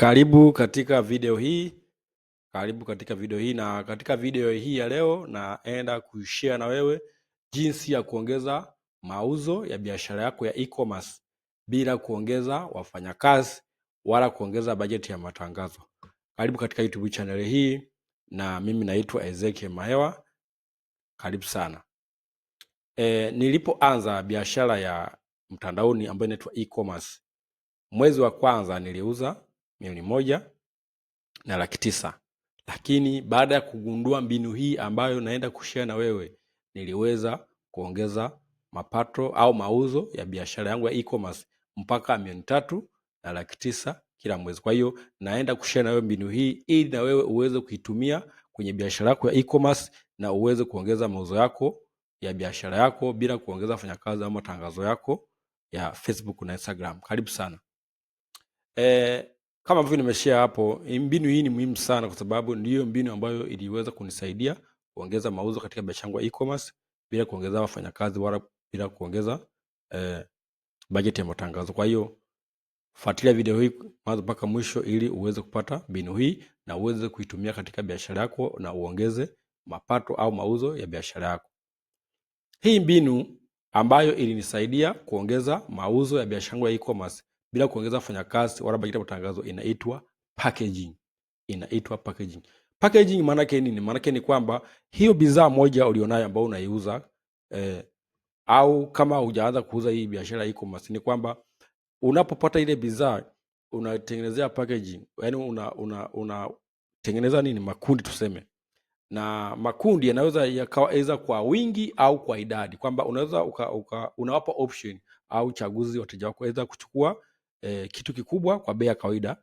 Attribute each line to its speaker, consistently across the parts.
Speaker 1: Karibu katika video hii, karibu katika video hii. Na katika video hii ya leo, naenda kushare na wewe jinsi ya kuongeza mauzo ya biashara yako ya e-commerce bila kuongeza wafanyakazi wala kuongeza bajeti ya matangazo. Karibu katika YouTube channel hii, na mimi naitwa Ezekiel Mahewa. Karibu sana. E, nilipoanza biashara ya mtandaoni ambayo inaitwa e-commerce, mwezi wa kwanza niliuza milioni moja na laki tisa. Lakini baada ya kugundua mbinu hii ambayo naenda kushare na wewe, niliweza kuongeza mapato au mauzo ya biashara yangu ya e-commerce mpaka milioni tatu na laki tisa kila mwezi. Kwa hiyo naenda kushare na wewe mbinu hii ili na wewe uweze kuitumia kwenye biashara yako ya e-commerce na uweze kuongeza mauzo yako ya biashara yako bila kuongeza wafanyakazi au matangazo yako ya Facebook na Instagram. Karibu sana. Eh, kama ambavyo nimeshia hapo, mbinu hii ni muhimu sana, kwa sababu ndiyo mbinu ambayo iliweza kunisaidia kuongeza mauzo katika biashara yangu ya e-commerce bila kuongeza wafanyakazi wala bila kuongeza eh, bajeti ya matangazo. Kwa hiyo fuatilia video hii mwanzo mpaka mwisho, ili uweze kupata mbinu hii na uweze kuitumia katika biashara yako na uongeze mapato au mauzo ya biashara yako. Hii mbinu ambayo ilinisaidia kuongeza mauzo ya biashara yangu ya e-commerce bila kuongeza wafanyakazi wala bajeti ya matangazo inaitwa packaging. Inaitwa packaging. Packaging maana yake nini? Maana yake ni kwamba hiyo bidhaa moja ulionayo ambayo unaiuza eh, au kama hujaanza kuuza hii biashara iko masi, ni kwamba unapopata ile bidhaa unatengenezea packaging, yani una, una, una tengeneza nini makundi tuseme, na makundi yanaweza yakaweza kwa wingi au kwa idadi, kwamba unaweza uka, uka, unawapa option au chaguzi wateja wako waweza kuchukua e, kitu kikubwa kwa bei ya kawaida,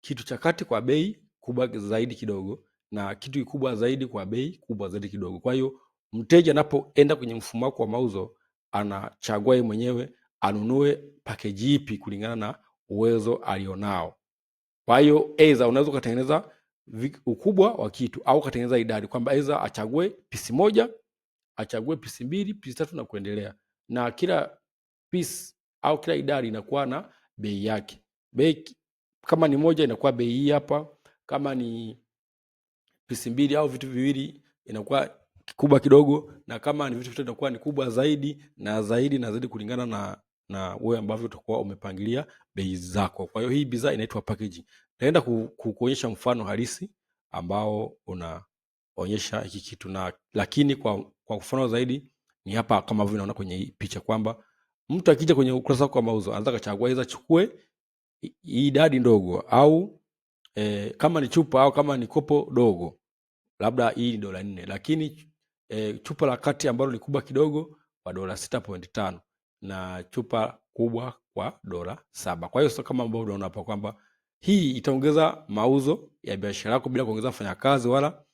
Speaker 1: kitu cha kati kwa bei kubwa zaidi kidogo, na kitu kikubwa zaidi kwa bei kubwa zaidi kidogo. Kwa hiyo mteja anapoenda kwenye mfumo wako wa mauzo, anachagua yeye mwenyewe anunue pakeji ipi kulingana na uwezo alionao. Kwa hiyo aidha unaweza ukatengeneza ukubwa wa kitu au ukatengeneza idadi kwamba aidha achague pisi moja, achague pisi mbili, pisi tatu na kuendelea, na kila pisi au kila idadi inakuwa na bei yake. Bei kama ni moja inakuwa bei hii hapa, kama ni pisi mbili au vitu viwili inakuwa kikubwa kidogo, na kama ni vitu vitatu inakuwa ni kubwa zaidi na zaidi na zaidi, kulingana na na wewe ambavyo utakuwa umepangilia bei zako. Kwa hiyo hii bidhaa inaitwa packaging. Naenda kukuonyesha mfano halisi ambao unaonyesha hiki kitu na, lakini kwa, kwa mfano zaidi ni hapa kama vile unaona kwenye picha kwamba Mtu akija kwenye ukurasa wako wa mauzo anataka kuchagua hizo, achukue idadi ndogo au e, kama ni chupa au kama ni kopo dogo, labda hii ni dola nne, lakini e, chupa la kati ambalo ni kubwa kidogo kwa dola sita point tano na chupa kubwa kwa dola saba. Kwa hiyo sio kama ambavyo unaona hapa kwamba hii itaongeza mauzo ya biashara yako bila kuongeza wafanyakazi wala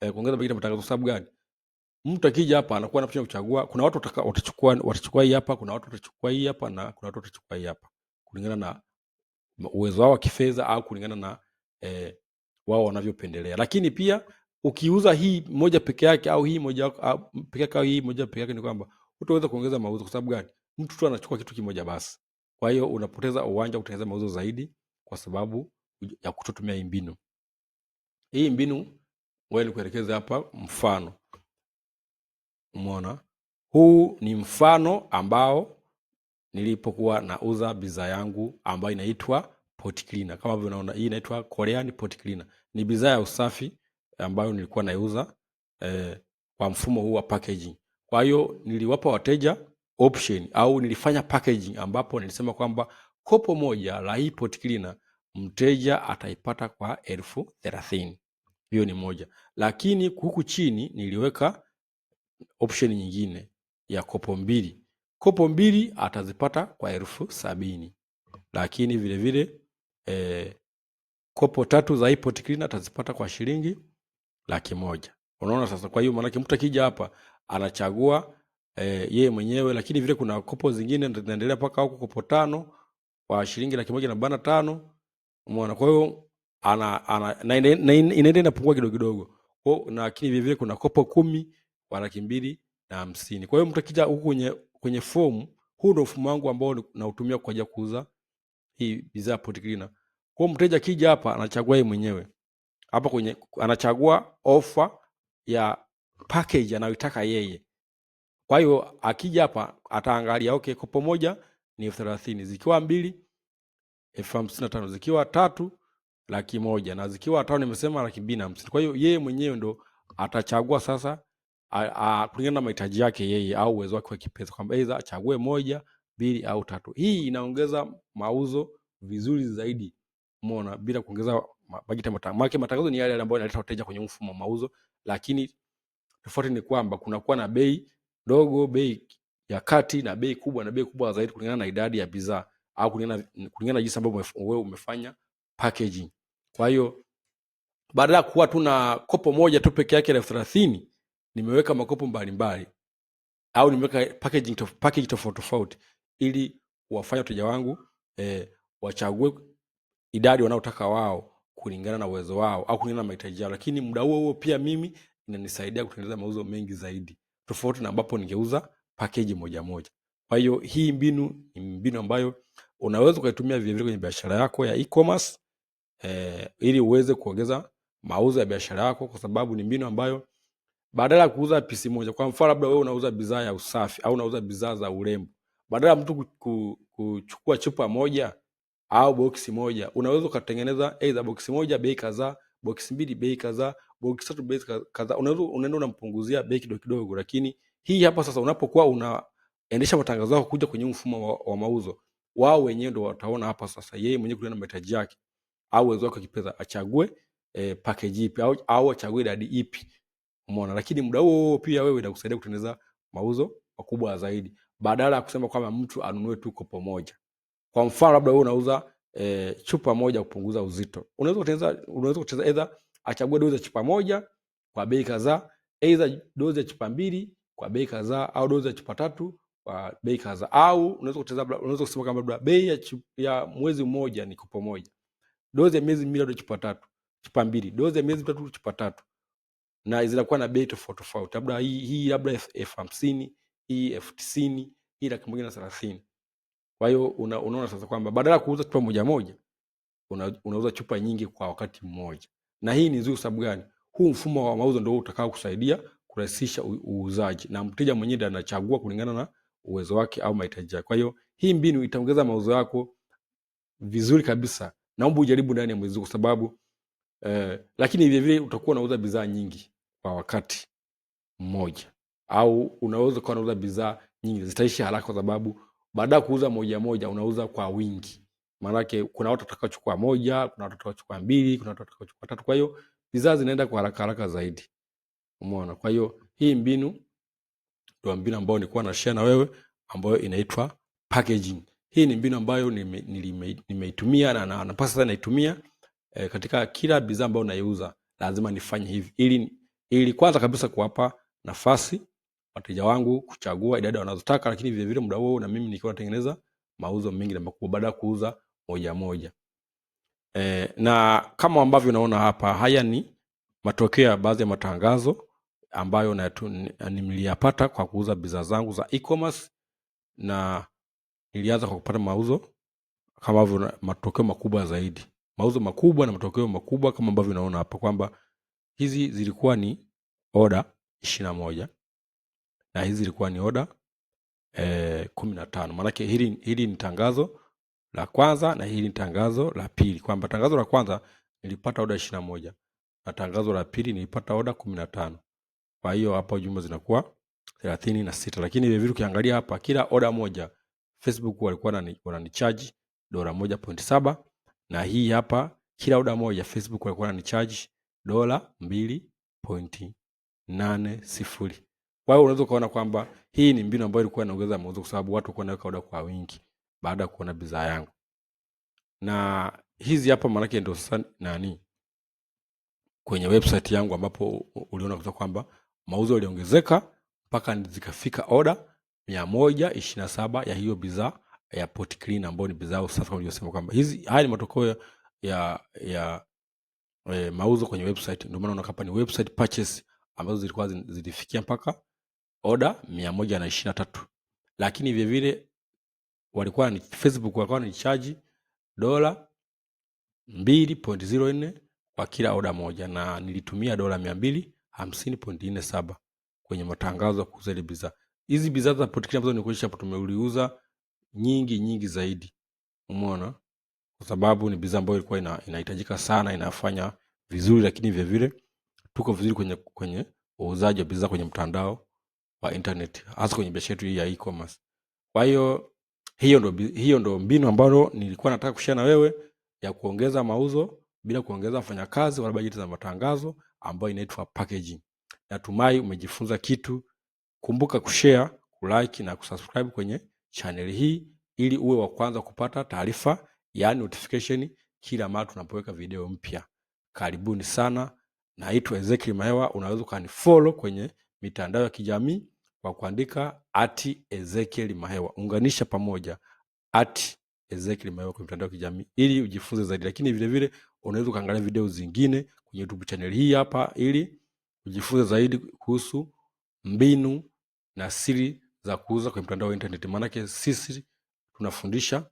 Speaker 1: e, kuongeza pengine matangazo. Sababu gani? mtu akija hapa anakuwa anapaswa kuchagua. Kuna watu watachukua watachukua hii hapa, kuna watu watachukua hii hapa, na kuna watu watachukua hii hapa kulingana na uwezo wao wa kifedha au kulingana na eh, wao wanavyopendelea. Lakini pia ukiuza hii moja peke yake au hii moja peke yake au hii moja peke yake, ni kwamba utaweza kuongeza mauzo. Kwa sababu gani? Mtu tu anachukua kitu kimoja basi, kwa hiyo unapoteza uwanja kutengeneza mauzo zaidi, kwa sababu ya kutotumia hii mbinu. Hii mbinu wewe nikuelekeze hapa mfano Umeona, huu ni mfano ambao nilipokuwa nauza bidhaa yangu ambayo inaitwa pot cleaner. Kama vile unaona hii inaitwa Korean pot cleaner, ni bidhaa ya usafi ambayo nilikuwa naiuza eh, kwa mfumo huu wa packaging. Kwa hiyo niliwapa wateja option au nilifanya packaging ambapo nilisema kwamba kopo moja la hii pot cleaner mteja ataipata kwa elfu thelathini. Hiyo ni moja, lakini huku chini niliweka option nyingine ya kopo mbili. Kopo mbili atazipata kwa elfu sabini lakini vilevile vile, e, kopo tatu za iPod cleaner atazipata kwa shilingi laki moja. Unaona sasa, kwa hiyo maanake mtu akija hapa anachagua e, yeye mwenyewe, lakini vile kuna kopo zingine zinaendelea mpaka huko kopo tano kwa shilingi laki moja na bana tano. Umeona, kwa hiyo ana, ana, na inaendelea inapungua kidogo kidogo, lakini vilevile kuna kopo kumi wa laki mbili na hamsini. Kwa hiyo mtu akija huku kwenye, kwenye fomu, huu ndio mfumo wangu ambao nautumia kwa ajili ya kuuza hii bidhaa Port Cleaner. Kwa hiyo mteja akija hapa anachagua yeye mwenyewe. Hapa kwenye anachagua ofa ya package anayotaka yeye. Kwa hiyo akija hapa ataangalia okay, kopo moja ni elfu thelathini, zikiwa mbili elfu hamsini na tano, zikiwa tatu laki moja na zikiwa tano nimesema laki mbili na hamsini. Kwa hiyo yeye mwenyewe ndo atachagua sasa kulingana na mahitaji yake yeye au uwezo wake wa kipesa, kwamba aidha achague moja, mbili au tatu. Hii inaongeza mauzo vizuri zaidi, umeona, bila kuongeza bajeti ya matangazo. Maana matangazo ni yale ambayo yanaleta wateja kwenye mfumo wa mauzo, lakini tofauti ni kwamba kunakuwa na bei ndogo, bei ya kati na bei kubwa na bei kubwa zaidi, kulingana na idadi ya bidhaa au kulingana na jinsi ambavyo wewe umefanya packaging. Kwa hiyo badala ya kuwa tu na kopo moja tu peke yake elfu thelathini nimeweka makopo mbalimbali au nimeweka packaging tof, package tofauti tofauti ili wafanya wateja wangu e, wachague idadi wanaotaka wao kulingana na uwezo wao au kulingana na mahitaji yao, lakini muda huo huo pia mimi inanisaidia kutengeneza mauzo mengi zaidi tofauti na ambapo ningeuza package moja moja. Kwa hiyo hii mbinu ni mbinu ambayo unaweza ukaitumia vilevile kwenye biashara yako ya e-commerce e, ili uweze kuongeza mauzo ya biashara yako, kwa sababu ni mbinu ambayo badala ya kuuza pisi moja. Kwa mfano, labda wewe unauza bidhaa ya usafi au unauza bidhaa za urembo, badala ya mtu kuchukua chupa moja au boksi moja, unaweza ukatengeneza aidha boksi moja bei kadhaa, boksi mbili bei kadhaa, boksi tatu bei kadhaa. Unaweza unaenda unampunguzia bei kidogo kidogo, lakini hii hapa sasa, unapokuwa unaendesha matangazo yako kuja kwenye mfumo wa, wa mauzo wao wenyewe ndio wataona hapa sasa, yeye mwenyewe kulingana na mahitaji yake au uwezo wake kipesa achague eh, package ipi au, au achague idadi ipi Umeona? Lakini muda huo pia wewe inakusaidia kutengeneza mauzo makubwa zaidi badala ya kusema kwamba mtu anunue tu kopo moja. Kwa mfano labda wewe unauza e, chupa moja kupunguza uzito. Unaweza kutengeneza unaweza kutengeneza either achague dozi ya chupa moja kwa bei kadhaa, either dozi ya chupa mbili kwa bei kadhaa au dozi ya chupa tatu kwa bei kadhaa au unaweza kutengeneza unaweza kusema kwamba labda bei ya, ya mwezi mmoja ni kopo moja. Dozi ya miezi miwili ndio chupa tatu, chupa mbili. Dozi ya miezi mitatu chupa tatu na zinakuwa na bei tofauti tofauti, labda hii labda elfu hamsini hii elfu tisini hii laki moja na thelathini. Kwa hiyo unaona sasa kwamba badala ya kuuza chupa moja moja una, unauza chupa nyingi kwa wakati mmoja, na hii ni nzuri. Sababu gani? Huu mfumo wa mauzo ndio utakao kusaidia kurahisisha uuzaji na mteja mwenyewe ndiye anachagua kulingana na uwezo wake au mahitaji yake. Kwa hiyo hii mbinu itaongeza mauzo yako vizuri kabisa. Naomba ujaribu ndani ya mwezi, kwa sababu eh, lakini vilevile utakuwa unauza bidhaa nyingi kwa wakati mmoja, au unaweza kuwa unauza bidhaa nyingi zitaisha haraka, kwa sababu baada ya kuuza moja moja unauza kwa wingi. Maanake kuna watu watakaochukua moja, kuna watu watakaochukua mbili, kuna watu watakaochukua tatu. Kwa hiyo bidhaa zinaenda kwa haraka haraka zaidi, umeona. Kwa hiyo hii mbinu ndio mbinu ambayo nilikuwa na share na wewe ambayo inaitwa packaging. Hii ni mbinu ambayo nimeitumia nime, nime na napasa sana naitumia eh, katika kila bidhaa ambayo naiuza lazima nifanye hivi ili, ili kwanza kabisa kuwapa nafasi wateja wangu kuchagua idadi wanazotaka, lakini vile vile muda huo na mimi nikiwa natengeneza mauzo mengi na makubwa baada ya kuuza moja moja. E, na kama ambavyo unaona hapa, haya ni matokeo ya baadhi ya matangazo ambayo niliyapata kwa kuuza bidhaa zangu za e-commerce na nilianza kwa kupata mauzo kama matokeo makubwa zaidi mauzo makubwa na matokeo makubwa kama ambavyo unaona hapa kwamba hizi zilikuwa ni oda ishirini na moja na hizi zilikuwa ni oda e, kumi na tano. Maanake hili, hili ni tangazo la kwanza na hili ni tangazo la pili, kwamba tangazo la kwanza nilipata oda ishirini na moja na tangazo la pili nilipata oda kumi na tano. Kwa hiyo hapa jumla zinakuwa thelathini na sita, lakini vilevile ukiangalia hapa kila oda moja Facebook walikuwa wananichaji dola moja pointi saba na hii hapa, kila oda moja Facebook walikuwa wananichaji dola mbili pointi nane sifuri. Kwa hiyo unaweza ukaona kwamba hii ni mbinu ambayo ilikuwa inaongeza mauzo, kwa sababu watu walikuwa wanaweka oda kwa wingi baada ya kuona bidhaa yangu, na hizi hapa maanake ndio sasa nani kwenye website yangu ambapo uliona kwa kwamba mauzo yaliongezeka mpaka zikafika oda mia moja ishirini na saba ya hiyo bidhaa ya Port Clean ambayo ni bidhaa sasa, kama nilivyosema kwamba hizi haya ni matokeo ya ya e, mauzo kwenye website. Ndio maana unakapa ni website purchase ambazo zilikuwa zilifikia mpaka oda tatu lakini vile vile walikuwa ni Facebook walikuwa ni charge dola 2.04 kwa kila oda moja, na nilitumia dola 250.47 kwenye matangazo ya kuuza ile bidhaa. Hizi bidhaa za Port Clean ambazo nilikuonyesha hapo tumeuliuza nyingi nyingi zaidi. Umeona? Kwa sababu ni bidhaa ambayo ilikuwa inahitajika ina, sana, inafanya vizuri lakini vile vile tuko vizuri kwenye kwenye uuzaji wa bidhaa kwenye mtandao wa internet hasa kwenye biashara yetu hii ya e-commerce. Kwa hiyo hiyo ndo, hiyo ndo mbinu ambayo nilikuwa nataka kushare na wewe ya kuongeza mauzo bila kuongeza wafanyakazi wala bajeti za matangazo ambayo inaitwa packaging. Natumai umejifunza kitu. Kumbuka kushare, kulike na kusubscribe kwenye channel hii ili uwe wa kwanza kupata taarifa ya yaani notification kila mara tunapoweka video mpya. Karibuni sana. Naitwa Ezekiel Mahewa. Unaweza ukanifollow kwenye mitandao ya kijamii kwa kuandika at Ezekiel Mahewa, unganisha pamoja at Ezekiel Mahewa kwenye mitandao ya kijamii ili ujifunze zaidi, lakini vile vile unaweza ukaangalia video zingine kwenye YouTube channel hii hapa ili ujifunze zaidi kuhusu mbinu na siri za kuuza kwenye mtandao wa internet. Maanake sisi tunafundisha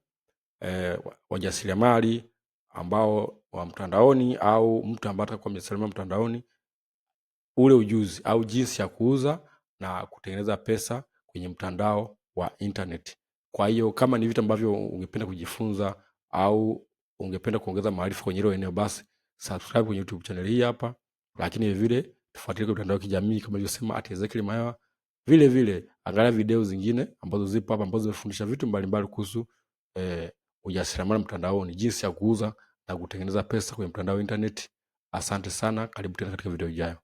Speaker 1: eh, wajasiriamali ambao wa mtandaoni au mtu ambaye atakuwa mjasiriamali mtandaoni, ule ujuzi au jinsi ya kuuza na kutengeneza pesa kwenye mtandao wa internet. Kwa hiyo kama ni vitu ambavyo ungependa kujifunza au ungependa kuongeza maarifa kwenye hilo eneo, basi subscribe kwenye YouTube channel hii hapa, lakini vile tufuatilie kwenye mtandao wa kijamii kama ilivyosema, at Ezekiel Mahewa. Vile vile angalia video zingine ambazo zipo hapa ambazo zinafundisha vitu mbalimbali kuhusu eh, ujasiriamali mtandaoni, jinsi ya kuuza na kutengeneza pesa kwenye mtandao wa internet. Asante sana, karibu tena katika video ijayo.